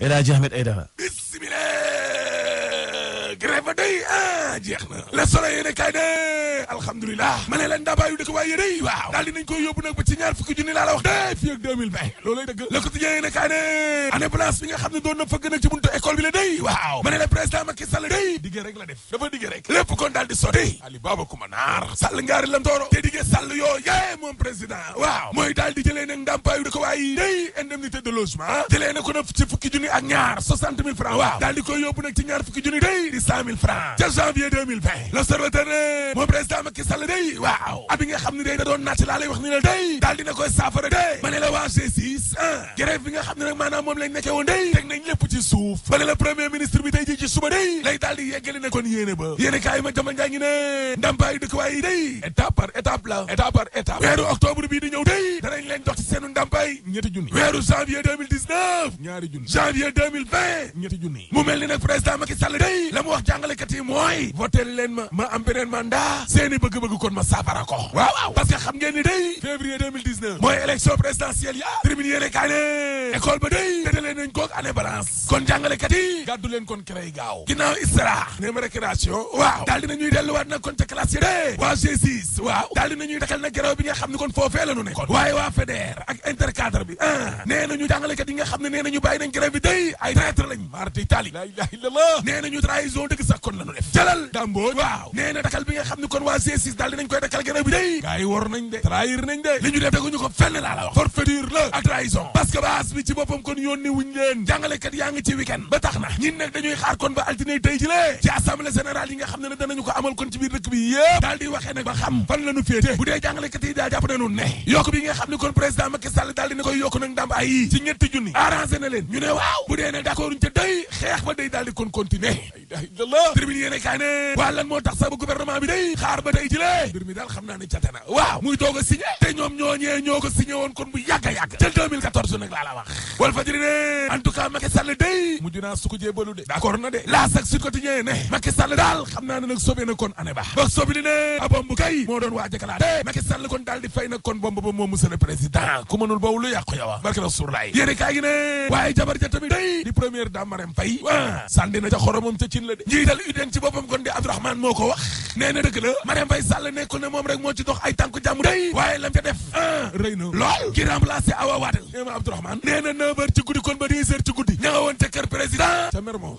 Elacı Ahmet Eyla. Bismillah. ba day ah jeex na le soleil yéene kay ne alhamdulilah ma ne leen waaye day waaw nañ koy yóbbu nag ba ci ñaar fukki junni laa la wax day fii ak 2020 loolay dëgg le quotidien yéene kay ne année blanche bi nga xam ne doon na fëgg nag ci buntu école bi la day waaw ma ne le day diggee rek def dafa diggee rek lépp kon daal sotti Ali Baba Koumanaar Sall ngaari lam te diggee Sall yoo yee moom président waaw mooy daal di jëlee francs ca janvier 2020 l'observateur ne Mon président Macky quitté. day abi nga xam ne day da doon naaj laa lay wax ni la day daal dina koy ma ne la waa G6 ah. grève bi nga xam ne premier ministre bi tey ji ci suba day lay daal di yeggali ne kon yéene ba yéene kaay ma jaman ne étape par étape octobre bii di ñëw day danañ leen jox ci seenu ndàmpaay janvier 2019 ñaari janvier 2020 ñetti junni mu président Macky Sall la mu jàngalekat yi leen ma ma am seeni bëgg-bëgg kon ma saafara ko waaw waaw xam ngeen ni day février mooy élection présidentielle ya terminé yéene kaa école ba day tëdalee nañ kook année balance kon jàngalekat yi gàddu kon CREI gaaw ginnaaw ISRA ne ma récréation waaw daal dinañuy delluwaat nag kon ca classe yi waa g waaw daal dinañuy dakal nag gerew bi kon foofee la ñu ne kon waaye waa FEDER ak intercadre ah, nañu jàngalekat yi nga bi day ay traître lañ marti tali la ilaha kon la def jalal dàmbooj waaw nee na dakal bi nga xam ne kon waa G6 daal dinañ koy dakal gannaaw bi day gars war nañ de trahir nañ de li ñu def teguñu ko fenn laa la wax forfaiture la ak trahison parce que ci boppam kon yónni wuñ leen jàngalekat yaa ngi ci week-end ba tax na ñin nag dañuy xaar kon ba altine tey ji lee ci assemblée générale yi nga xam ne ne danañu ko amal kon ci biir dëkk bi yëpp daal di waxee nag ba xam fan la ñu tribune yéene kaay ne waa lan moo tax sax ba gouvernement bi day xaar ba tey ji lee mbir daal xam naa ne jate waaw muy doog a signé te ñoom ñooñee ñoo ko signé woon kon bu yàgg a yàgg ca 2014 nag laa la wax wal fajiri ne en tout cas Macky Sall day mujj naa su ko de d'accord na de laa sax su quotidien ne Macky Sall daal xam naa ne nag sobe kon année ba ba sobi ne a bomb kay moo doon waa jëkkalaate Macky Sall kon daal di fay nag kon bomb ba moom a Sall UDN ci boppam kon di Abdourahmane moo ko wax nee na la Marième Faye Sall nekkul ne moom rek moo ci dox ay tànku jàmm day waaye lam ca def ah, rëy na lool ki remplacé Awa Wade nee ma Abdourahmane nee na ci guddi kon ba 10h ci guddi ña nga ca kër président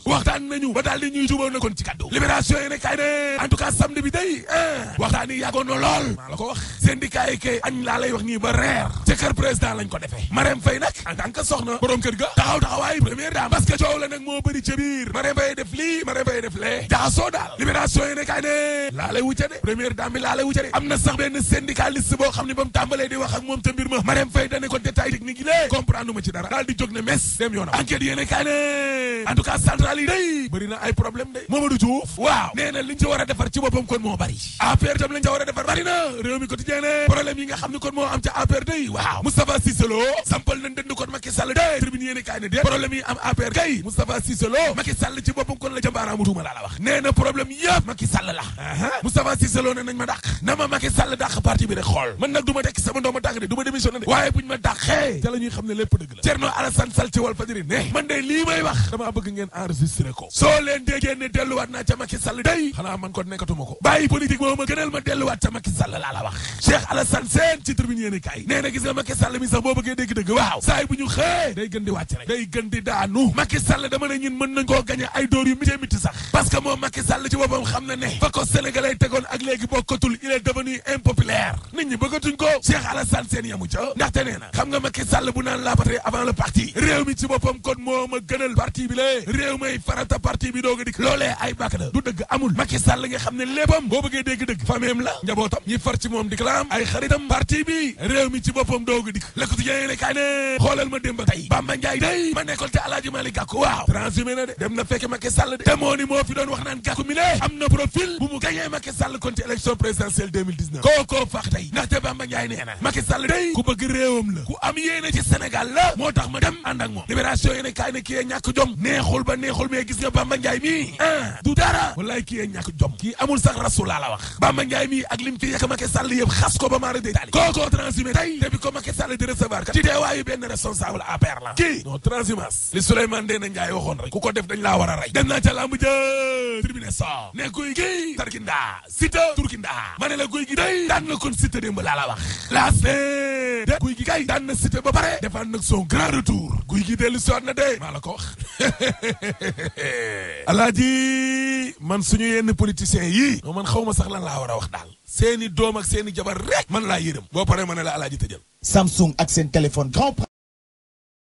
waxtaan nañu ba daal di ñuy jubóo na kon ci kaddu libération yi ne kay en tout cas samedi bi day a waxtaan yi yàggoon na lool maa la ko añ laa wax nii ba reer ca kër président lañ ko defee Marème Faye nag en tant que soxna borom kër ga taxaw taxawaay première dame parce que coow la nag moo bëri ca biir Marème Faye def lii Marème daal libération yi ne kay ne laa lay de première dame bi laa lay wucca de am na sax benn syndicaliste boo xam ne ba mu di wax bi bëri na ay problème de Mamadou Diouf waaw nee na li ñu a defar ci boppam kon moo bëri APR tam li ñu a defar bëri na réew mi quotidien ne problème yi nga xam ne kon moo am ca APR day waaw Moustapha Cissé Lo sampal nañ dënd kon Macky Sall de tribune yéene kaay ne de problème yi am APR kay Moustapha Cissé Lo Macky Sall ci boppam kon la jëmbaaraamu tuuma laa la wax nee na problème yëpp Macky Sall la Moustapha Cissé Lo ne na ma ma dekk sama ma ma dàqee ngeen enregistré ko soo leen déggee ne delluwaat naa ca Macky Sall day xanaa man ko nekkatuma ko bàyyi politique boobu ma gënal ma delluwaat ca Macky Sall laa la wax Cheikh Alassane Sène ci tribune yéen kaay nee na gis nga Macky Sall mi sax boo bëggee dégg dëgg waaw saay bu ñu xëy day gën di wàcc rek day gën di daanu Macky Sall dama ne mën nañ koo gañe ay dóor yu mitee miti sax parce que moom Macky Sall ci boppam xam na ne fa ko sénégalais tegoon ak léegi bokkatul il est nit ñi bëggatuñ ko Cheikh Alassane Sène yamu ca ndaxte nee na xam nga Macky Sall bu naan la avant le parti réew mi ci boppam kon moo ma gënal parti bi lée réew may farata parti bi doog a dikk loolee ay bàkk la du dëgg amul Macky Sall nga xam ne léppam boo bëggee dégg dëgg fameem la njabootam ñi far ci moom di kalaam ay xaritam parti bi réew mi ci boppam doog a dikk la ko ti kaay ne xoolal ma démb tey Bamba Ndiaye day ma nekkoon te Alaaji Malick yi ndaxte Bamba Ndiaye nee na Macky Sall day ku bëgg réewam la ku am yéene ci Sénégal la moo tax ma dem ànd ak moom libération yéene kaay ne kii ñàkk jom neexul ba neexul mais gis nga Bamba Ndiaye mii ah du dara wallaay kii ñàkk jom kii amul sax rasul laa la wax Bamba Ndiaye mii ak lim ci yekk Macky Sall xas ko ba maara day taali kookoo transhumé tey te bi ko Macky Sall di recevoir kat ci teewaayu benn responsable la kii non transhumance li Souleymane Ndéné Ndiaye waxoon rek ku ko def dañ a la guy gi day ca démb laa la wax laas de guy gi kay daan na cité ba pare defaan nag son grand retour guy gi dellu si waat de maa la ko wax alaaji man suñu yenn politiciens yii man xaw ma sax lan laa war a wax daal seeni doom ak seeni jabar rek man laa yërëm boo pare ma ne la alaaji tëjal Samsung ak seen téléphone grand